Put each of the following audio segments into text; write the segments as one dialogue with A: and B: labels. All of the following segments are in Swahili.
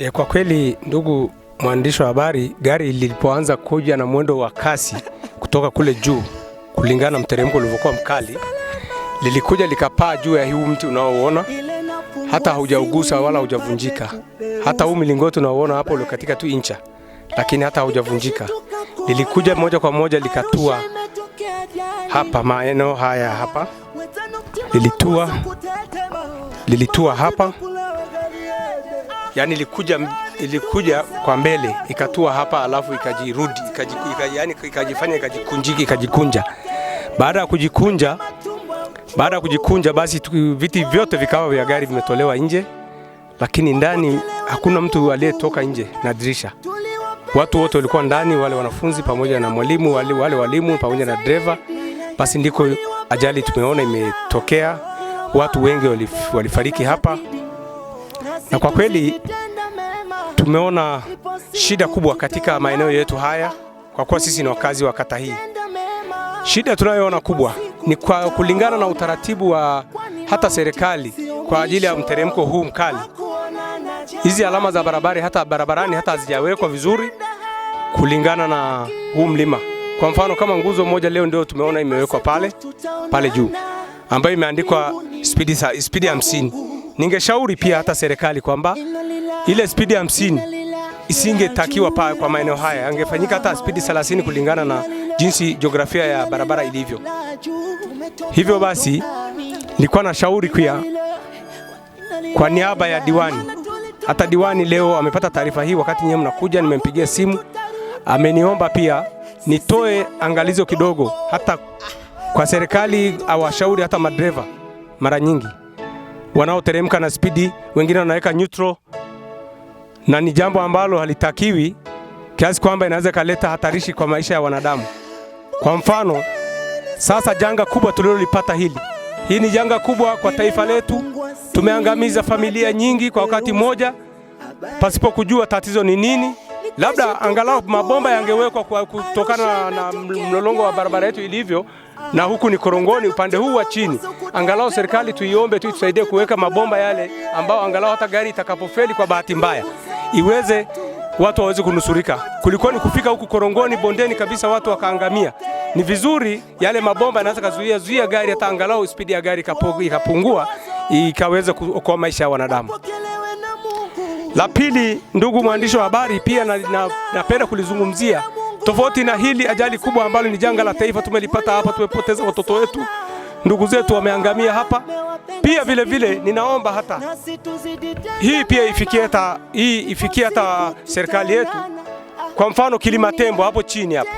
A: E, kwa kweli ndugu mwandishi wa habari, gari lilipoanza kuja na mwendo wa kasi kutoka kule juu, kulingana na mteremko ulivyokuwa mkali, lilikuja likapaa juu ya huu mti unaoona, hata haujaugusa wala haujavunjika. Hata huu milingoti unaoona hapo uliokatika tu incha, lakini hata haujavunjika. Lilikuja moja kwa moja likatua hapa maeneo haya hapa, lilitua lilitua hapa yani ilikuja, ilikuja kwa mbele ikatua hapa, alafu ikajirudi ikajifanya yaani ikajifanya ikajikunjiki ikajikunja. Baada ya kujikunja, baada ya kujikunja, basi viti vyote vikawa vya gari vimetolewa nje, lakini ndani hakuna mtu aliyetoka nje na dirisha. Watu wote walikuwa ndani, wale wanafunzi pamoja na mwalimu wale, wale walimu pamoja na dereva. Basi ndiko ajali tumeona imetokea, watu wengi walifariki hapa. Na kwa kweli tumeona shida kubwa katika maeneo yetu haya, kwa kuwa sisi ni wakazi wa kata hii. Shida tunayoona kubwa ni kwa kulingana na utaratibu wa hata serikali kwa ajili ya mteremko huu mkali, hizi alama za barabara hata barabarani hata hazijawekwa vizuri kulingana na huu mlima. Kwa mfano kama nguzo moja leo ndio tumeona imewekwa pale pale juu ambayo imeandikwa spidi 50 Ningeshauri pia hata serikali kwamba ile spidi hamsini isingetakiwa pa kwa maeneo haya, angefanyika hata spidi 30 kulingana na jinsi jiografia ya barabara ilivyo. Hivyo basi nilikuwa na shauri pia kwa niaba ya diwani. Hata diwani leo amepata taarifa hii, wakati nyewe mnakuja, nimempigia simu, ameniomba pia nitoe angalizo kidogo hata kwa serikali, awashauri hata madereva mara nyingi wanaoteremka na spidi, wengine wanaweka neutral, na ni jambo ambalo halitakiwi kiasi kwamba inaweza ikaleta hatarishi kwa maisha ya wanadamu. Kwa mfano sasa, janga kubwa tulilolipata hili, hii ni janga kubwa kwa taifa letu. Tumeangamiza familia nyingi kwa wakati mmoja pasipo kujua tatizo ni nini. Labda angalau mabomba yangewekwa kutokana na mlolongo wa barabara yetu ilivyo na huku ni korongoni upande huu wa chini. Angalau serikali tuiombe tu itusaidie kuweka mabomba yale ambao angalau hata gari itakapofeli kwa bahati mbaya iweze watu waweze kunusurika. Kulikuwa ni kufika huku korongoni bondeni kabisa, watu wakaangamia. Ni vizuri yale mabomba yanaweza kazuia zuia gari, hata angalau spidi ya gari ikapungua, ikaweza kuokoa maisha ya wanadamu. La pili, ndugu mwandishi wa habari, pia napenda na, na kulizungumzia Tofauti na hili ajali kubwa ambalo ni janga la taifa tumelipata hapa, tumepoteza watoto wetu, ndugu zetu wameangamia hapa. Pia vile vile ninaomba hata hii pia ifikie hata hii ifikie hata serikali yetu. Kwa mfano Kilima Tembo hapo chini hapa,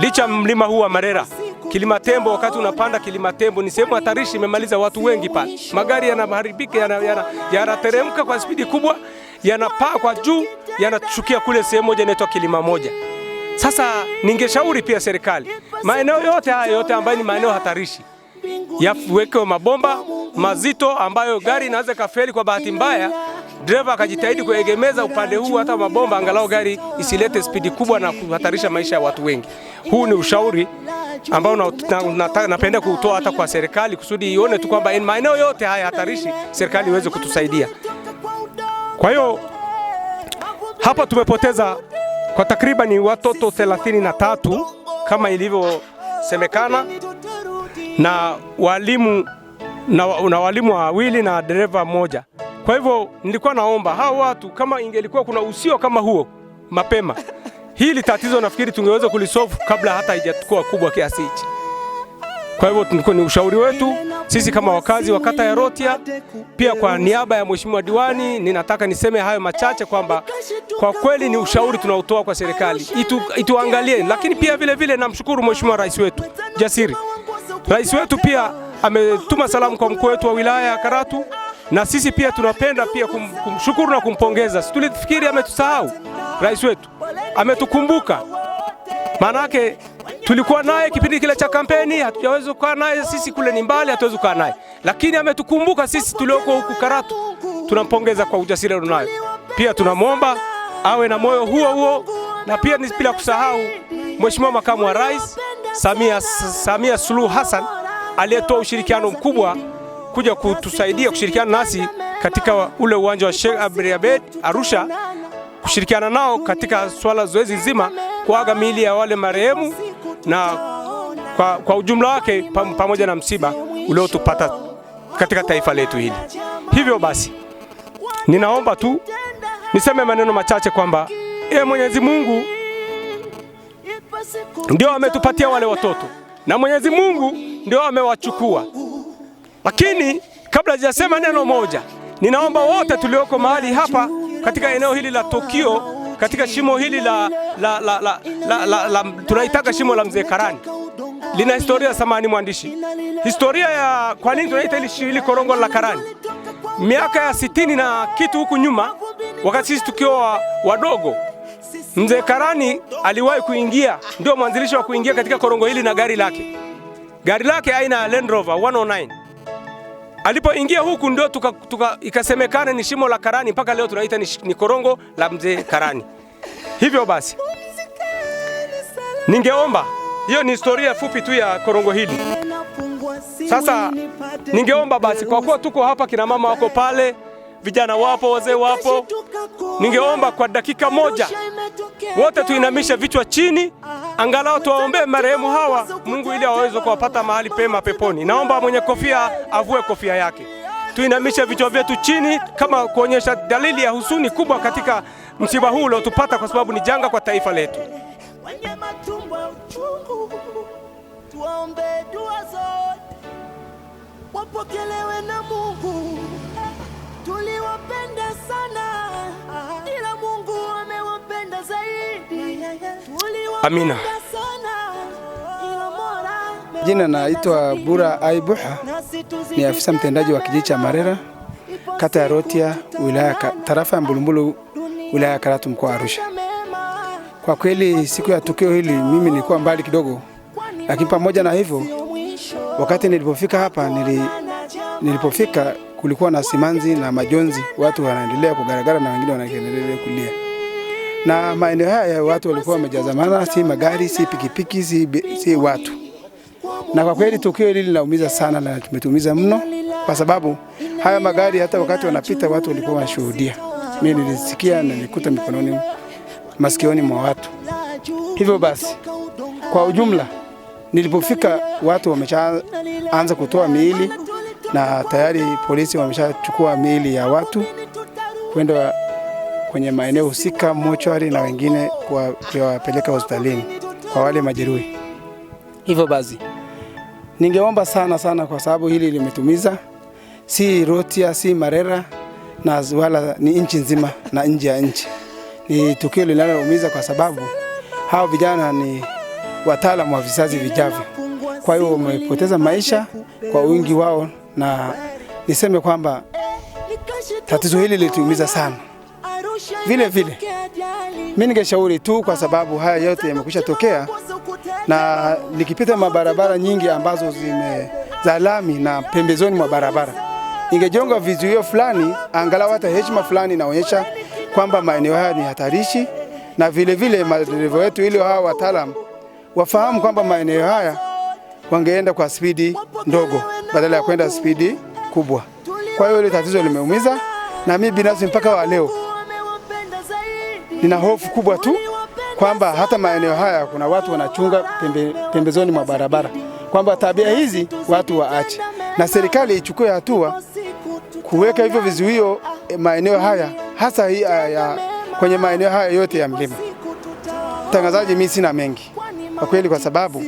A: licha mlima huu wa Marera, Kilima Tembo, wakati unapanda Kilima Tembo ni sehemu hatarishi, imemaliza watu wengi pale. Magari yanaharibika, yanateremka yana, yana kwa spidi kubwa, yanapaa kwa juu, yanachukia kule sehemu moja inaitwa Kilima Moja. Sasa ningeshauri pia serikali, maeneo yote haya yote ambayo ni maeneo hatarishi yawekewe mabomba mazito ambayo gari inaweza ikafeli kwa bahati mbaya, dereva akajitahidi kuegemeza upande huu, hata mabomba angalau gari isilete spidi kubwa na kuhatarisha maisha ya watu wengi. Huu ni ushauri ambao napenda na, na, na kuutoa hata kwa serikali kusudi ione tu kwamba maeneo yote haya hatarishi serikali iweze kutusaidia. Kwa hiyo hapa tumepoteza kwa takriban watoto 33 kama ilivyosemekana, na walimu na, na walimu wawili na dereva mmoja. Kwa hivyo nilikuwa naomba hao watu, kama ingelikuwa kuna usio kama huo mapema, hili tatizo nafikiri tungeweza kulisolve kabla hata haijakuwa kubwa kiasi hichi. Kwa hivyo ni ushauri wetu. Sisi kama wakazi wa kata ya Rhotia, pia kwa niaba ya mheshimiwa diwani, ninataka niseme hayo machache kwamba kwa kweli ni ushauri tunaotoa kwa serikali itu, ituangalie, lakini pia vile vile namshukuru mheshimiwa rais wetu Jasiri. Rais wetu pia ametuma salamu kwa mkuu wetu wa wilaya ya Karatu, na sisi pia tunapenda pia kum, kumshukuru na kumpongeza. Situlifikiri ametusahau rais wetu, ametukumbuka maanake Tulikuwa naye kipindi kile cha kampeni, hatujaweza kukaa naye. Sisi kule ni mbali, hatuwezi kukaa naye, lakini ametukumbuka sisi tulioko huku Karatu. Tunampongeza kwa ujasiri alionayo, pia tunamwomba awe na moyo huo huo, na pia ni bila kusahau Mheshimiwa Makamu wa Rais Samia, Samia Suluhu Hassan aliyetoa ushirikiano mkubwa kuja kutusaidia kushirikiana nasi katika ule uwanja wa Sheikh Amri Abed Arusha, kushirikiana nao katika swala zoezi zima kuaga miili ya wale marehemu na kwa, kwa ujumla wake pamoja na msiba uliotupata katika taifa letu hili. Hivyo basi, ninaomba tu niseme maneno machache kwamba e, Mwenyezi Mungu ndio ametupatia wale watoto na Mwenyezi Mungu ndio amewachukua, lakini kabla sijasema neno moja, ninaomba wote tulioko mahali hapa katika eneo hili la tukio, katika shimo hili la la, la, la, la, la, la tunaitaga shimo la mzee Karani lina historia. samani, mwandishi, historia ya kwa nini tunaita hili hili korongo la Karani, miaka ya sitini na kitu huku nyuma, wakati sisi tukiwa wadogo Mzee Karani aliwahi kuingia, ndio mwanzilishi wa kuingia katika korongo hili na gari lake, gari lake aina ya Land Rover 109. Alipoingia huku ndio tuka, tuka, ikasemekana ni shimo la Karani, mpaka leo tunaita ni, ni korongo la mzee Karani. Hivyo basi Ningeomba hiyo ni historia fupi tu ya korongo hili. Sasa ningeomba basi, kwa kuwa tuko hapa, kina mama wako pale, vijana wapo, wazee wapo, ningeomba kwa dakika moja wote tuinamishe vichwa chini, angalau tuwaombee marehemu hawa Mungu ili aweze kuwapata mahali pema peponi. Naomba mwenye kofia avue kofia yake, tuinamishe vichwa vyetu chini kama kuonyesha dalili ya husuni kubwa katika msiba huu uliotupata, kwa sababu ni janga kwa taifa letu tuombe dua zote wapokelewe na Mungu. Tuliwapenda sana ila Mungu amewapenda zaidi. Amina. Jina naitwa Bura Aibuha, ni afisa mtendaji wa kijiji cha Marera, kata ya Rotia, wilaya tarafa ya Mbulumbulu, wilaya ya Karatu, mkoa wa Arusha. Kwa kweli siku ya tukio hili mimi nilikuwa mbali kidogo, lakini pamoja na hivyo, wakati nilipofika hapa nili, nilipofika kulikuwa na simanzi na majonzi, watu wanaendelea kugaragara na wengine wanaendelea kulia, na maeneo haya watu walikuwa wamejazamana, si magari, si pikipiki, si, si watu. Na kwa kweli tukio hili linaumiza sana na tumetumiza mno, kwa sababu haya magari hata wakati wanapita watu walikuwa wanashuhudia. Mimi nilisikia na nilikuta mikononi masikioni mwa watu. Hivyo basi, kwa ujumla, nilipofika watu wameshaanza kutoa miili na tayari polisi wameshachukua miili ya watu kwenda kwenye maeneo husika mochwari, na wengine kuwapeleka hospitalini kwa wale majeruhi.
B: Hivyo basi, ningeomba sana sana, kwa sababu hili limetumiza, si Rotia, si Marera na wala ni nchi nzima na nje ya nchi ni tukio linaloumiza kwa sababu hao vijana ni wataalamu wa vizazi vijavyo. Kwa hiyo wamepoteza maisha kwa wingi wao, na niseme kwamba tatizo hili lituumiza sana. Vile vile mimi ningeshauri tu, kwa sababu haya yote yamekwisha tokea, na nikipita mabarabara nyingi ambazo zime za lami na pembezoni mwa barabara, ingejonga vizuio fulani, angalau hata heshima fulani inaonyesha kwamba maeneo haya ni hatarishi, na vilevile madereva wetu ili hawa wataalamu wafahamu kwamba maeneo haya wangeenda kwa spidi ndogo badala ya kwenda spidi kubwa. Kwa hiyo ile tatizo limeumiza, na mimi binafsi mpaka wa leo nina hofu kubwa tu kwamba hata maeneo haya kuna watu wanachunga pembe, pembezoni mwa barabara, kwamba tabia hizi watu waache na serikali ichukue hatua kuweka hivyo vizuio eh, maeneo haya hasa hii ah, ya kwenye maeneo haya yote ya mlima. Mtangazaji, mimi sina mengi kwa kweli, kwa sababu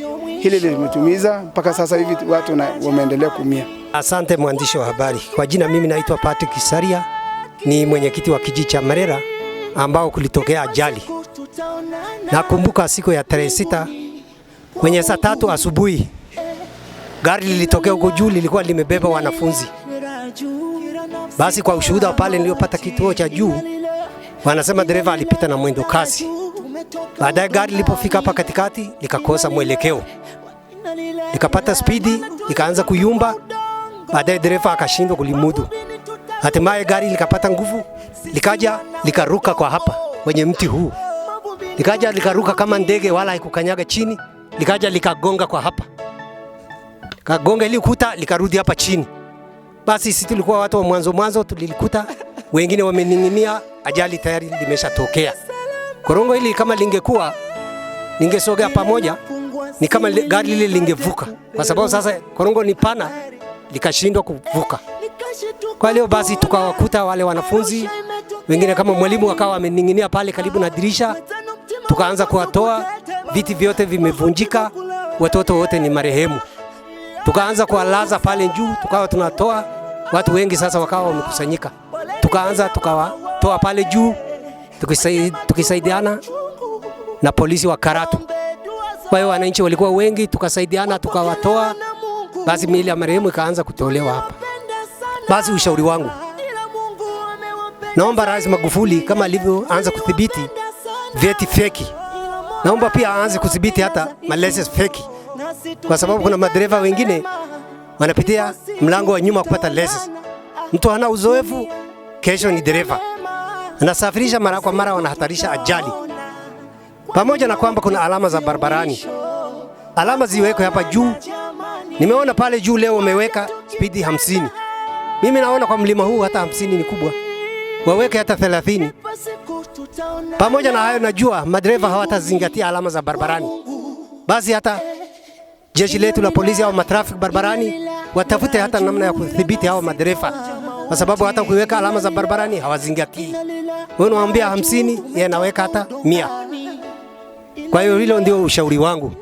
B: hili limetumiza mpaka sasa hivi watu wameendelea kuumia.
C: Asante mwandishi wa habari. Kwa jina mimi naitwa Patrick Saria, ni mwenyekiti wa kijiji cha Marera ambao kulitokea ajali. Nakumbuka siku ya tarehe sita kwenye saa tatu asubuhi gari lilitokea huko juu, lilikuwa limebeba wanafunzi basi kwa ushuhuda pale niliopata kituo cha juu, wanasema dereva alipita na mwendo kasi. Baadaye gari lilipofika hapa katikati likakosa mwelekeo, likapata spidi, likaanza kuyumba. Baadaye dereva akashindwa kulimudu, hatimaye gari likapata nguvu, likaja likaruka kwa hapa kwenye mti huu, likaja likaruka kama ndege, wala haikukanyaga chini, likaja likagonga kwa hapa, kagonga ili ukuta, likarudi hapa chini. Basi sisi tulikuwa watu wa mwanzo mwanzo, tulilikuta wengine wamening'inia, ajali tayari limeshatokea. Korongo hili kama lingekuwa lingesogea pamoja, ni kama gari lile lingevuka, kwa sababu sasa korongo ni pana, likashindwa kuvuka. Kwa leo basi tukawakuta wale wanafunzi wengine kama mwalimu akawa amening'inia pale karibu na dirisha, tukaanza kuwatoa, viti vyote vimevunjika, watoto wote ni marehemu. Tukaanza kuwalaza pale juu, tukawa tunatoa watu wengi sasa wakawa wamekusanyika, tukaanza tukawatoa pale juu, tukisaidiana na polisi wa Karatu. Kwa hiyo wananchi walikuwa wengi, tukasaidiana tukawatoa, basi miili ya marehemu ikaanza kutolewa hapa. Basi ushauri wangu, naomba Rais Magufuli kama alivyoanza kudhibiti vyeti feki, naomba pia aanze kudhibiti hata malesi feki, kwa sababu kuna madereva wengine wanapitia mlango wa nyuma kupata leseni. Mtu hana uzoefu, kesho ni dereva, anasafirisha mara kwa mara, wanahatarisha ajali. Pamoja na kwamba kuna alama za barabarani, alama ziwekwe hapa juu. Nimeona pale juu leo wameweka spidi hamsini. Mimi naona kwa mlima huu hata hamsini ni kubwa, waweke hata thelathini. Pamoja na hayo, najua madereva hawatazingatia alama za barabarani, basi hata jeshi letu la polisi au matrafiki barabarani watafute hata namna ya kudhibiti hawa madereva, kwa sababu hata kuweka alama za barabarani hawazingatii. Wewe unawaambia hamsini, yeye anaweka hata mia. Kwa hiyo hilo ndio ushauri wangu.